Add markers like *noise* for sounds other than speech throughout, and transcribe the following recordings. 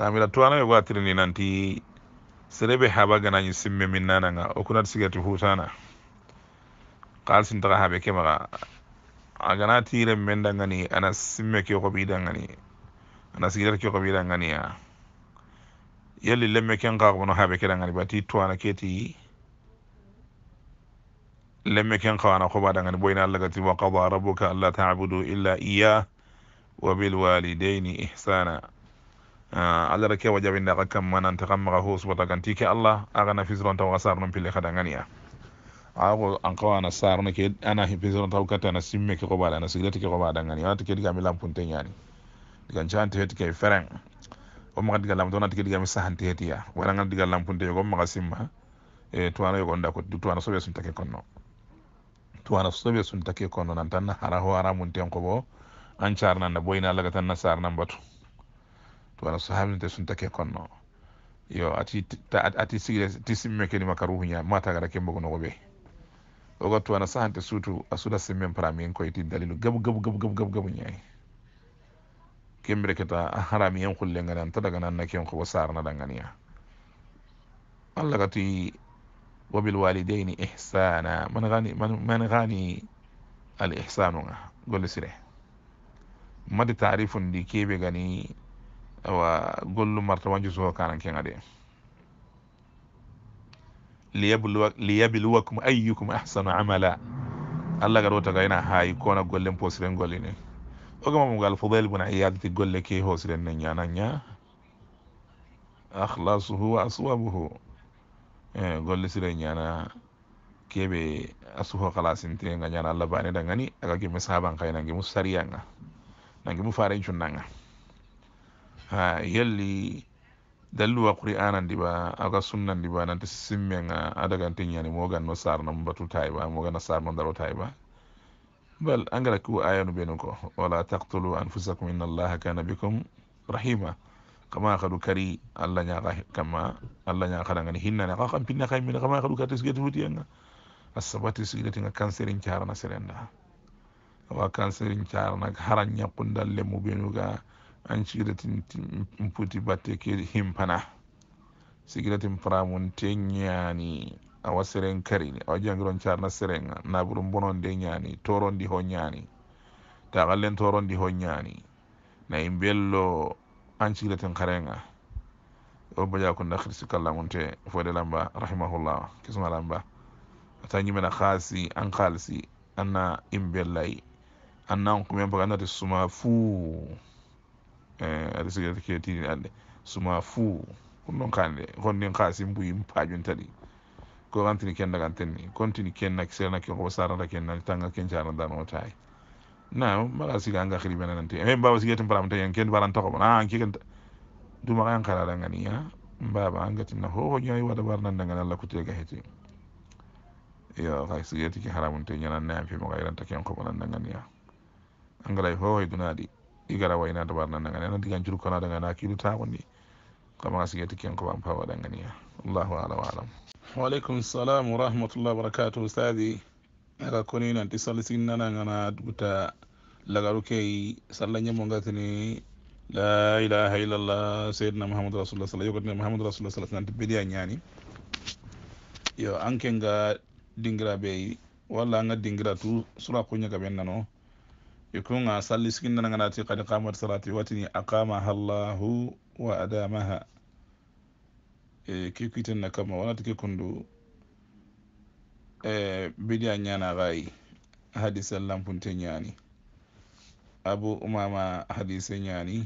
amila tuwana ɓe watiri ni nanti sere ɓe haɓa ganañi simme min nananga o kunati sigarti hutana kalisintaka haɓe kemaka a gana tire mendangani ana simme ke koɓidangani ana sigirata ke koɓidanganiya yalli lemme ken kawakono haɓe keɗangani bati tuwana keti lemme ken kawana koɓadangani boyna allahgati wa kada rabuka alla tabudu illa iyah wa bilwalidaini ihsana Ah, alla da kewa jabinda ka kam manan ta kam ho subata kan tike allah aga na fisron ta wasar non pile kada ngania ago an kawa na sar no ke ana fisron ta kata na simme ke ko bala na sigati ke ko bala ngani wata ke diga lampun punte nyani diga chante het ke fereng o ma diga lam dona diga diga misahan te hetiya wala ngal diga lam punte yogo ma simma e tuwana yogo nda ko tuwana sobe sun take konno tuwana sobe sun take konno nan tan hara ho hara mun ten ko bo an charna na boyna laga tan na sar nan batu tubana sahabi nte sunta ke konno yo ati ta, ati sigire ti simme keni makaruhu nya mata gara kembo gono gobe oga tubana sahante sutu asuda simme paramin ko iti dalilu gabu gabu gabu gabu gabu gabu nyai kembere keta harami yan kulle ngana anta daga nan naken ko wasar na danganiya Allah ka ti wa bil walidaini ihsana man gani man, man gani al ihsanu golle sire madi ta'rifun di kebe gani awa gollu marta wanju soho kanan kega ɗe liyabluwakum ayyukum ahsanu amala allah gaɗo taga ina hayi kona gollen posiren gollini ogamamogal fadail bun iyad ti golle ke hosiren ne ñananña ahlasuhu wa aswabuhu e golle sire ñana keɓe asuho kalasinte ga ñana allah bane dagani aga gemme sahaban kaynangemu sariyanga nangemu faren cunnanga ha yalli dalluwa qur'anan diba aga sunnan diba nanti simmenga adagantin yani gan no sarno mbatu tayba sar sarno daro tayba bal angara ku ayanu benu ko wala taqtulu anfusakum inna allaha kana bikum rahima kama khadu kari allah ñaaka kama allah ngani hinna ka kam pinna kay min kama katis kati sigati hutiyanga asabati sigatinga cancerin carana serenda awa cancerin haranya hara mu lemu benuga an cigidatin mputi batte ke himpana sigidatin pramun te ñaani awa seren karini awa jangiron carna serenga naburum bononde ñaani torondi ho ñaani taxallen torondi ho ñaani nayi mbello an cigidatin xarenga o bajakunda xirsi kallamunte fode lamba rahimahullah kisma lamba ata ñimena xaasi an xaalisi anna imbellay annan kumen baga annati suma fuu Eh, aɗa sigi ata keetini annde suma fuu ɗum ɗon kande honndin ka simbuyi mpaajun tadi ko rantini kendagan tenni continue kennaki ke ko saranta kennaki tanga ken carandano tayi na maga siga nga xiri bena nante e baba siga tempara mta yen ken baranta ko na an kiken du ma an kala danga ya baba an gati na ho ho nyaay wada nan danga la ko ga heti ya ga siga tiki haramun te nyana na fi maga iranta ken ko bonan danga ya an gala ho ho dunadi igara wayna to barna nanga nena digan juru kana daga na kidu ta woni kama asiga tikin ko ban fawa daga niya Allahu ala wa alam wa alaikum salam wa rahmatullahi wa barakatuh ustadi aga koni nan tisal sinna nanga na duta lagaru ke sallanya mo ngatini la ilaha illallah sayyidina muhammad rasulullah sallallahu alaihi wasallam muhammad rasulullah sallallahu alaihi wasallam bidiya nyani yo anke nga dingira be walla anga dingira tu sura kunya ga benna no يكون صلى سكين نغناتي قد قامت صلاة واتني أقامها الله وأدامها كي كي تنكما ولا تكي كندو بدي أن ينا غاي حديث اللهم فنتين يعني أبو أمامة حديث يعني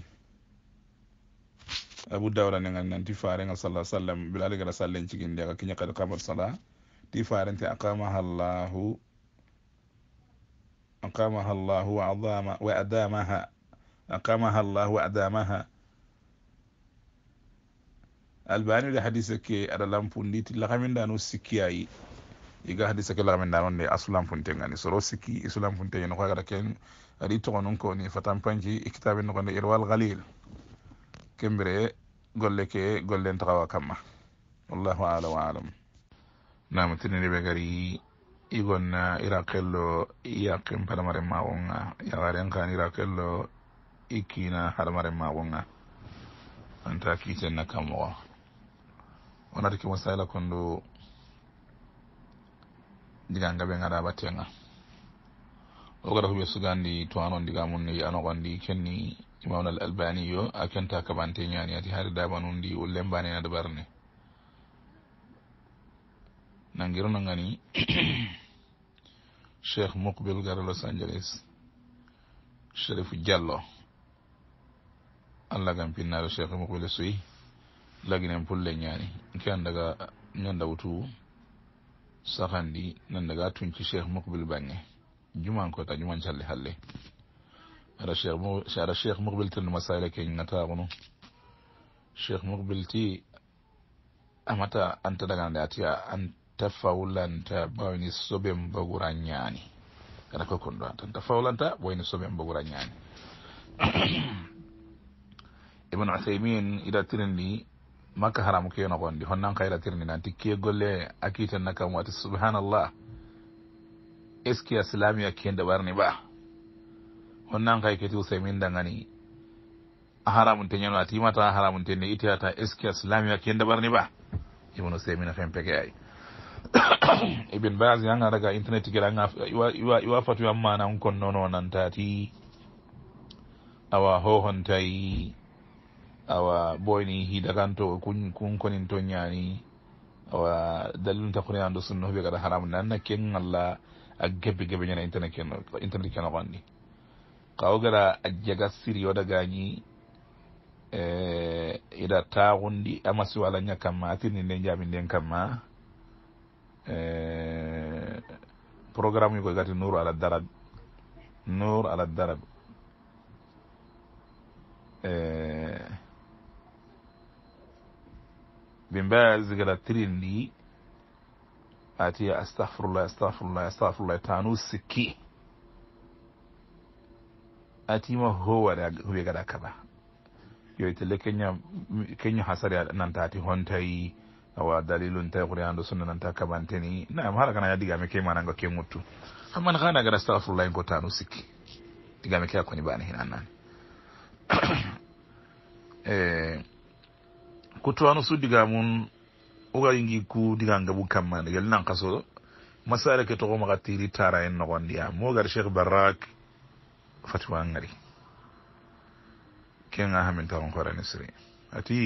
Abu Dawud yang akan nanti faring Rasulullah salam bila lagi Rasulullah yang cikin dia kini kalau kamu Rasulullah di faring ti Allahu أقامها الله وأضام وأدامها أقامها الله وأدامها albani da hadisa ke ada lampundi ti lakamin da no sikiyayi iga hadisa ke lakamin da ne asu lampunte ngani soro siki isu lampunte yeno kwa ken adi to non ko ni fatan panji ikitabe no ne irwal ghalil kembere golle ke golle ntawa kamma wallahu ala wa igon uh, irakello yakkin paramare maxonga uh, yaxaren kan irakello i kina hadamare maxonga uh, anta kiten na kamoxa onati ke mosayila kondu digangaɓe ga ɗabatenga o gata huɓe sugandi toano ndigamunni anoxondi kenni imamnal albaniyo a kenta kabante ñani ati hari dabanundi o lembanenadabarne nangiro nangani *clears throat* cheikh mokbil gara los angeles sherifu diallo allagam pinnaɗo cheikh mokbil e soyi laginen pulleñani ke andaga ñandawutu sahandi nandaga tunci cheikh mokbil bange juman kota juman calli halle aɗa cheikh mokbil tenu masayla keñgatagunu cheikh mokbil ti amata anta daganade atia ta fawlanta ɓawni soɓen mbagura ñaani kana koy kon ɗo tan ta fawlanta ɓawni soɓen mbagura ñaani *clears throat* ibine outhaymin ida tirindi makka haramu ke nogondi honnan ka ida tirindi nanti ke golle akiten nakam wati subhanallah est ce que a slamia kende ɓarni ɓa honnan kay e keti outhaymin dagani haramum teñano a timata haramum tenne itiyata est ce que a slamia kende ɓarni ɓa ibine outhaymin a fen peke ay *coughs* ibin bas yanga daga internet giranga iwa iwa fatu amma na un kon nono nan tati awa ho hon tay awa boyni hi daganto kun kun konin to nyani awa dalil ta kuri ando sunno be gada haram nan na ken alla agebbe gebe nyana internet ken internet ken wandi kaw gara ajjaga siri o daga nyi e eh, ida ta wundi amasi wala nyakamma tinni den jami den kamma E, programme uko gati nour ala darab nour ala darab ɓe mbaya sigala tri ndi atiya astahfirullah astahfirullah astahfirullah tanu sikki atima howaɗe huɓe gaɗa kaɓa yo telle keña keño hasari nantati hontayi awa dalilu ntay xuri ando sunna nanta kabanteni naam hala kana ya digame ke mananga ke muttu aman xana gara astahfirullah in kotanu sikki digame ke a koni bane hina nani *clears throat* eh, kutuwanu su digamun oga yingi ku digangabu kamma digal nan kaso masala ke toxo maxa tiri tara en noxondiya mo gar cheikh barak fatiwa ngari ke nga hamin taxon xorani siri ati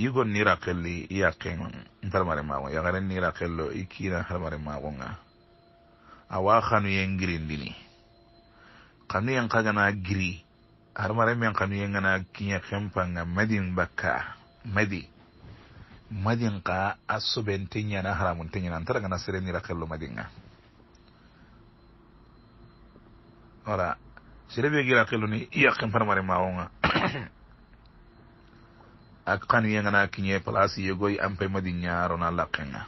igon nira kelli iya ken ntarmare mago yagaren nira kello ikina harmare mago nga awa yeng yen girindini kanu kaga kagana giri harmare miyang kanu yeng ngana kinya kempa nga madin baka madi madin ka asuben tinya na haramun tinya na ntar gana sere nira kello madin nga ora sere be gira kello ni iya kempa harmare mago nga *clears throat* ak xan yengana kiñee place yegoy ampe madi ñaarona laqenga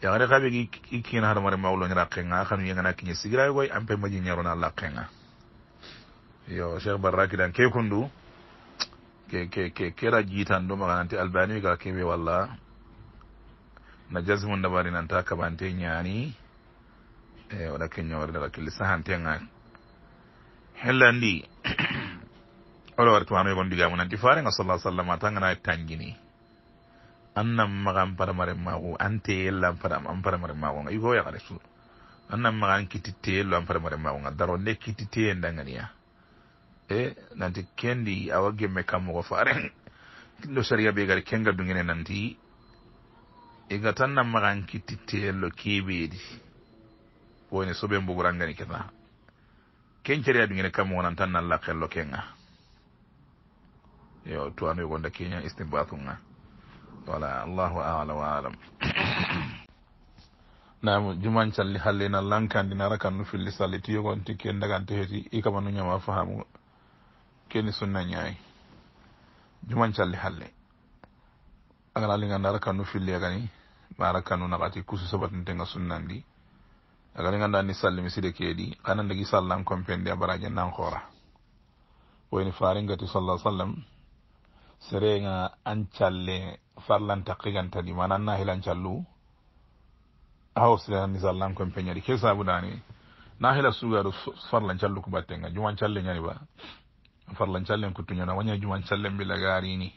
yaxare xabe gi i kiina xadamare mawlo ñara qenga xan yengana kiñe sigira yegoy ampe madi ñaarona laqenga yo cheikh barra kidan ke kundu ke ke ke ke ra jiitan do maxananti albani wega keɓe walla na jasmu ndabari nanta kabante ñaani e waɗa keñoore ndaga killi sahantenga xellandi ala wari tuwano yogon digamu nanti faare nga sallah sallam ata ngana tangini annam magan paramare magu ante yella an paramare magu nga yugo yakare su annam magan kiti teyello an paramare magu nga daro nde kiti teyenda ngania e nanti kendi awa gemme kammogo faare kindo sariya be gari kenga dungene nanti iga tan nam magan kiti teyello kebeedi woyne soɓe mbugurangani kirna kencariya dungene kammogo nan tan nalla kello kenga yo tuwano yogonda keña istibatu ga voilà allahu alam wa alam *coughs* nam juman calli hallina lankandinara kan no filli salli ti yogonti ke daganti heeti i kama no ñama fahamu keni sunna ñaayi juman calli halle agana linganda ara kan no filli agani mara kanu nakati kusu sabatintenga sunnandi aga linganda ni salli miside keedi anandagi sallankompendi a baraje nankora woyni faringati sallah sallam serenga ancalle farlanta qigantani ma nanna hilancallu haw silanisallankoen peñadi ke sabudani na hila sugaro farlancallu ko battenga juman calle ñani ba farlancallen kuttuñana waña juman callen bila garini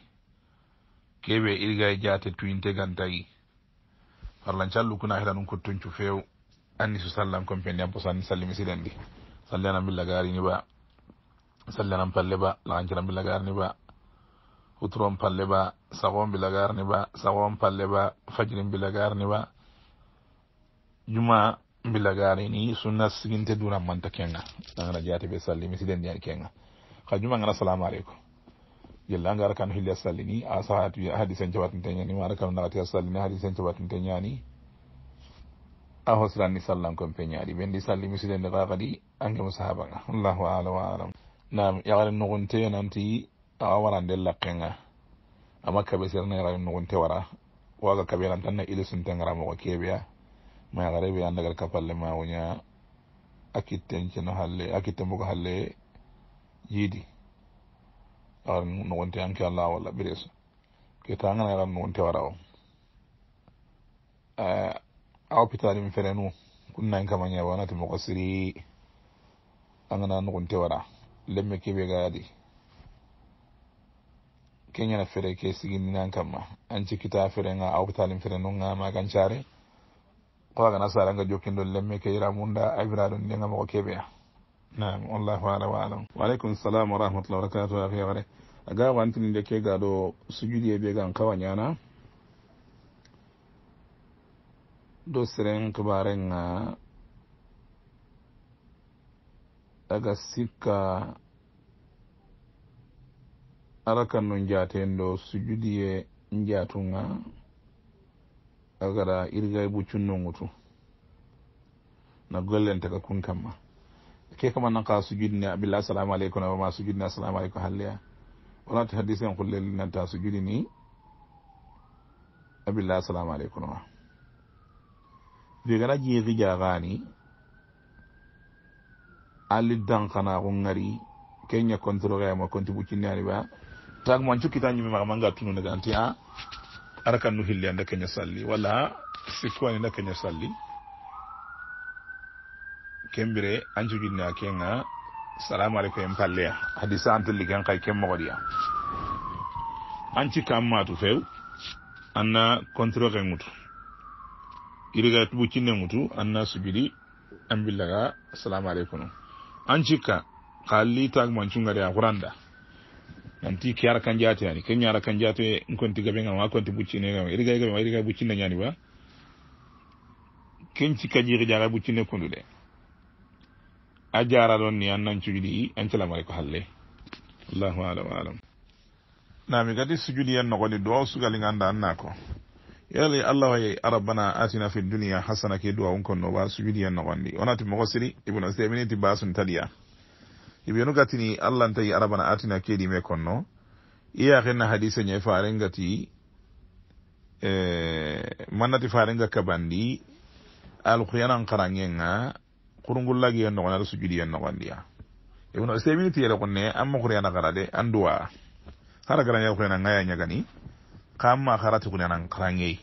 keɓe irga e jaate tuyintegantayi farlancallu kuna hila num kuttuncu few anni su sallankoen pendi an posanni sallimisiden di sallianan billa garini ba sallianan palle ba lagancilan billa garini ba kuturon palle ba sagon bilagarni ba sagon palle ba fajirin bilagarni ba juma bilagari ni sunna siginte dura manta kenga nangana jati be salli misiden diyan kenga ka juma ngara salam alaikum yalla ngara kan hilya salini asahat asa hadisen jawat tanya ni mara kan nagati sallini hadisen jawat tanya ni a hosranni sallan kon peñaɗi ɓendi salli misidende kakadi ange mo sahaba musahaba allahu wa alam nam yagare nugunte nanti tawa wara nde lakkenga amma kaɓe sernera nugunte wara waga kaɓenantanna ilisunte ngara mogo keɓeya maxareɓe andagar kapalle mawoña a kittenceno halle a kitten bogo halle jiidi awar nugunte anke alla walla ɓireso ke tangana yaran nugunte wara o eh, a hopitalim ferenu kunnan kamañaɓe wanati mogo siri angana nugunte wara lemme keɓe gaadi keñana fere ke siginni nan kam ma an cikkita fere ga awbitalin fere non ga magancare owaga nasara nga jokkindol lemme ke yira munda abiraɗo nde ga mogo keɓeya nam wallahu ala wa alam waaleykum salam wa rahmatullah wa barakatu ake ware a ga wantini nde ke ga ɗo sujudi e ɓe gan kawa ñana do seren kibarenga aga sikka arakan no jaten ɗo sujudi e jatuga agara irgay buccunnogutu na gollente ka kun kamma ke kama nanka sujudini abillah assalamu aleykum nawama sujudini assalamu aleykum halleya onati hadise en kullel nanta sujudini abillah assalamu aleykum nawa vegana jeeki jagani alli dankana kun gari ke ña controlé ma conti buccinni aniba tawa kmoan cukkita ñimi maa manga tunude ga anti a ah, arakan nu hilli annde keña salli walla sikkuwani nde keña salli kembire an cukitna kenga salamu aleykum en palleya hadisa antelli ken kay ken mogoɗiya an cikka an matu few anna contrôle ke ŋutu iriga tubu cinne ŋutu anna subidi an billaga salamu aleykum an cikka kaalli tagmoan cungariya xuranda nanti ke ara kan jaate ani ke ñara kan jaate nkonti gabe gama konti buccine gama iriga gama iriga buccine ñani ba kenci kajiri jara buccine kundu de a jara ɗon ni an nan cujudi ancalamu aleyku halle allahu alam alam nami gadi sujudi yen nogoni do sugali ganda anna ko yali allah wayey a rabbana atina fi duniya hasana ke duwa wonkonno ba sujudi yen nogondi onati mogo siri ibnu semini ti basun taliya ibenu gatini allah ntayi arabana atina me konno iyaxenna hadise ñe farengati e, mannati farenga kabandi alxuyanan xarangenga xurungullagiyen noxondi sujudi sujudiyen noxondiya ibnu semini tiyele xunne an maxuriyana xara de andua duwa xara garañe alxuyananga ya ñagani xan ma xarati xuyanan qarangey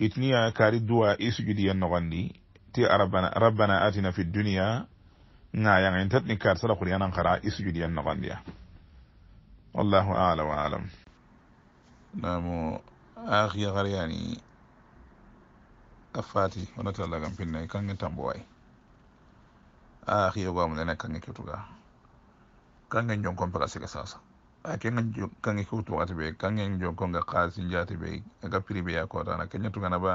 itniya kari duwa i sujudiyen noxondi ti Arabana rabbana atina fi dunia ŋayaŋ intet ni kar salakur yanaŋ xara i sujud yen noxondiya wallahu ala wa alam namo axiya xareyani a fati onatalagam pinne kaŋge tambo way axiya gamu lene kaŋge ketuga kaŋge njonkom paga sega sasa a kega kaŋge kewutu waxati ɓe kaŋge njonkonga xalisi njati ɓe aga prix ɓe yakotana keñatugana ba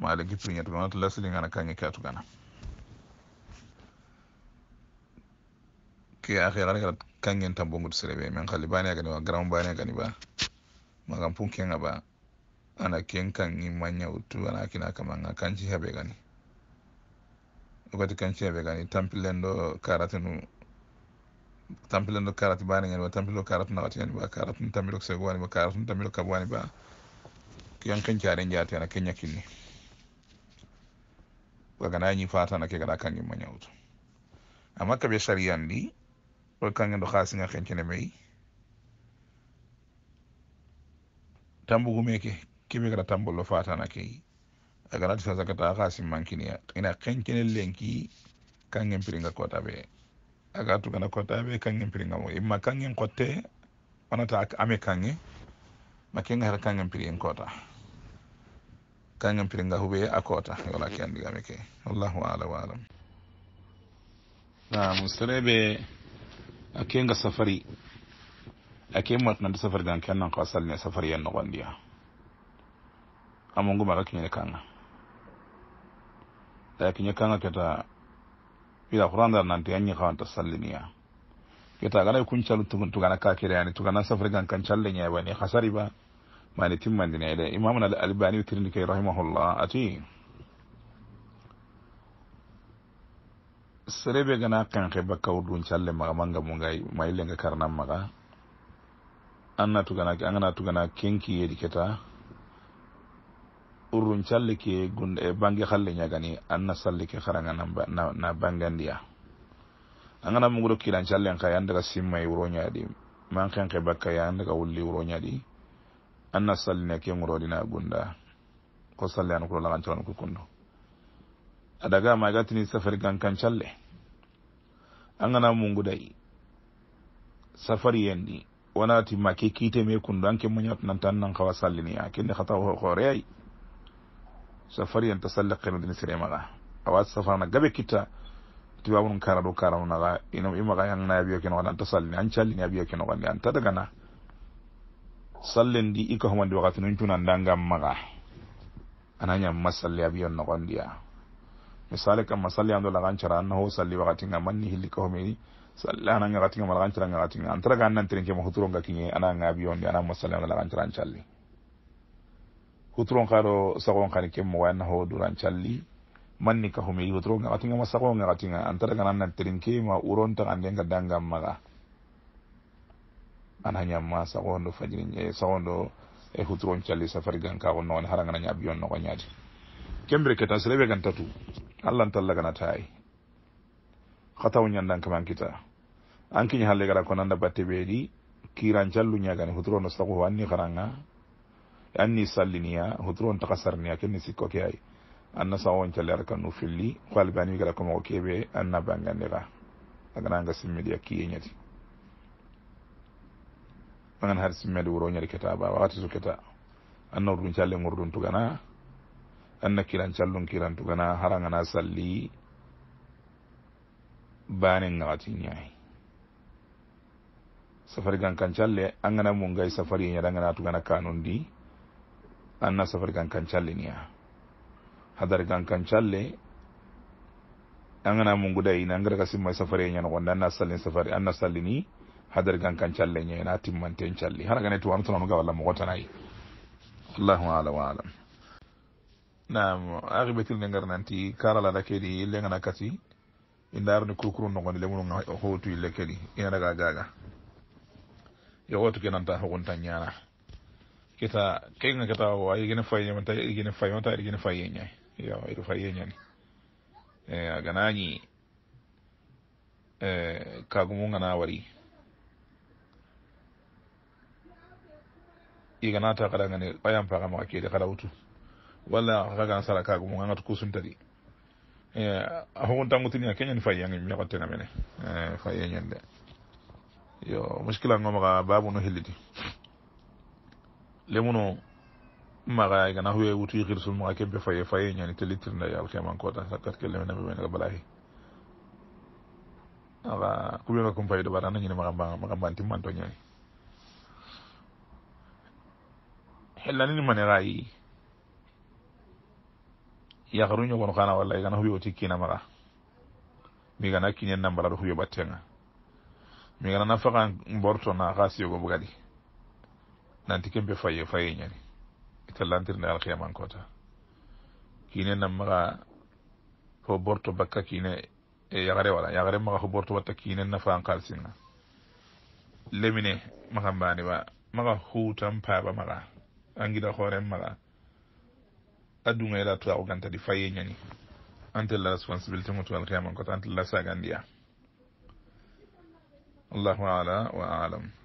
malegi prixñatuga onatalasiliŋana kaŋge ketugana ke akhe gara gara kangen tambo ngut serebe men khali bane ga wa ground bane ga ba magam pun ken ba ana ken kan ni ana kina kama nga habe gani wakati kanji habe gani tampilendo karatinu tampilendo karati bane ngani ba tampilo karatu na wati ba karatu tampilo segwani ba karatu tampilo kabwani ba kiyan kan jare njati ana kenya kinni waga na fata na ke gara kan ni amma kabe shari'an kangendo khasina khencene meyi tambugume ke kebe gata tambolo fatana keyi aganati sasa kata khasi mankiniya ina khencene lenki kangen piringa kotabe aga tugana kotabe kangen piringa mo imma kangen kotte onata ame kange makenga hara kangen pirin kota kangen piringa hube akota wala kendiga meke wallahu ala wa alam na musrebe a kenga safari a ke matnanta safari gan kennan ka salne safari yan nogondiya amma nguma ka kinyene kanga daya kinye kanga keta ila quran dar nanti yanyi kawanta salliniya keta gana kun calu tugana ka kere yani tugana safari gan kan challe nyaba ni khasari ba mani timmandi ne ile imam al-albani tirni kay rahimahullah ati serebe gana kanke bakaw dun challe maga manga mu ngay mayle nga karnam maga anna tu gana anna tu gana kenki yedi keta urun challe ke gun e bangi khalle nya gani anna salli ke kharanga na na bangandiya anana mu ngoro kilan challe nka yanda ga simmay wuro e nya di man kanke bakka yanda ga wulli wuro nya di anna salli ne ke ngoro dina gunda ko salli an ko la ngantalon ko kundo adaga magatini safar gankan challe angana mungu dai safar yendi wanati make kite me kundo anke munyat nan tan nan khawa sallini ya kinde khata ho khore ay safar yen tasalli qina din sirema la awa safar na gabe kita tibabun kara do kara na la inam ima ga yang na biyo kino nan tasalli an challi ni biyo kino wanni an tadaga na sallendi iko homandi wakati nun tunan dangam maga ananya masalli abiyon nokondiya misali kam ma salli ando laxan cara annaho salli waxatinga manni hillika homeni salli ananga xatinga ma laxan caranga xatinga antaraga annantiren ke ma xuturonga kiñe anaanga biyondi ana ma salli ando laxan caran calli xuturonga ro saxon xani ke moxoy annaho duran calli manni ka xumeyi xuturonga xatinga ma saxonga xatinga antaraga annantirin ke ma urontaxande ngaddangam maxa anañamma saxondo fajirin eh, saxondo e eh, xuturon calli safari gan ka xo noxone xaranga na ñabiyon noxo ñaadi kembre ke tan sereɓe gan tatu allah n talla gana taayi xataw ñandan kaman kita an kiña halle gara ko nanda batte ɓee ɗi kiiran callugñagani hutoronno sagufo an ni xaranga an ni salliniya hutoron taxa sarniya ken ni sikko ke ay anna sawon calle ara kannu filli xaalibe ani gara ko moxo keɓe an na bangandi xa agananga simmedi a kiyeñati agan har simmedi wuro ñadi keta ba waxati su keta an na urdun callen urdun tugana anna kiran callun kirantugana harangana salli bane ngawati ñayi safari gan kan calle angana mungay safari ye ñada ngana tugana kanundi anna safari gan kan calle niya hadar gan kan calle angana mungu dayi nangara ka simmay safari ye ñanogonde anna sallin safari anna sallini hadar gan kan calle ñayi na timmanten calli haragane tuwanu tonanuga walla mogotanayi wallahu ala wa alam wa nam aribetil ne ngar nanti karala da kedi lenga na kati indar e ni kurkuru no ngondi lemu nga hotu ile kedi ina daga gaga yo wotu ke nanta hokon tan nyana kita kenga kata o ay gene fayen man tay gene fayen tay gene fayen nyay yo ay du fayen nyani e aganani e kagumu nga na wari iganata kada ngani payam pagama kede kada utu wala eh gagan sara kagumu ya kusuntadi a hogontangutiniya keñani fayyangim ñakottenga mene eh faye ñande yo muskila ngomaga babuno helliti lemuno maga na huye wutu yikir sun maga kebbe faye faye ñani te sakat yo alkemankota sakkat kellemenaɓe menaga balahi aga kuɓega kum fayido bara anañini maga maga mbantimmanto ñani hellanini ni manerai yakaru ñogono kana walla gana huɓi o tikkina maga migana kinen nambala ɗo huɓi o ɓattenga migana nafaka borto na ka siyogo bugadi nanti kembe faye faye ñani itallantirde alkiyamankota kine nam maga fo borto bakka kine e yakare wala yakare maga fo borto watta kine nafa an kalsinga lemine maga mbaniwa maga hutan paaba maga angida hoorem maga adduga ela toyaku gan tadi faye ñani antella responsibilité mo tuwal kiyaman kota antella sagandiya allahu ala wa alam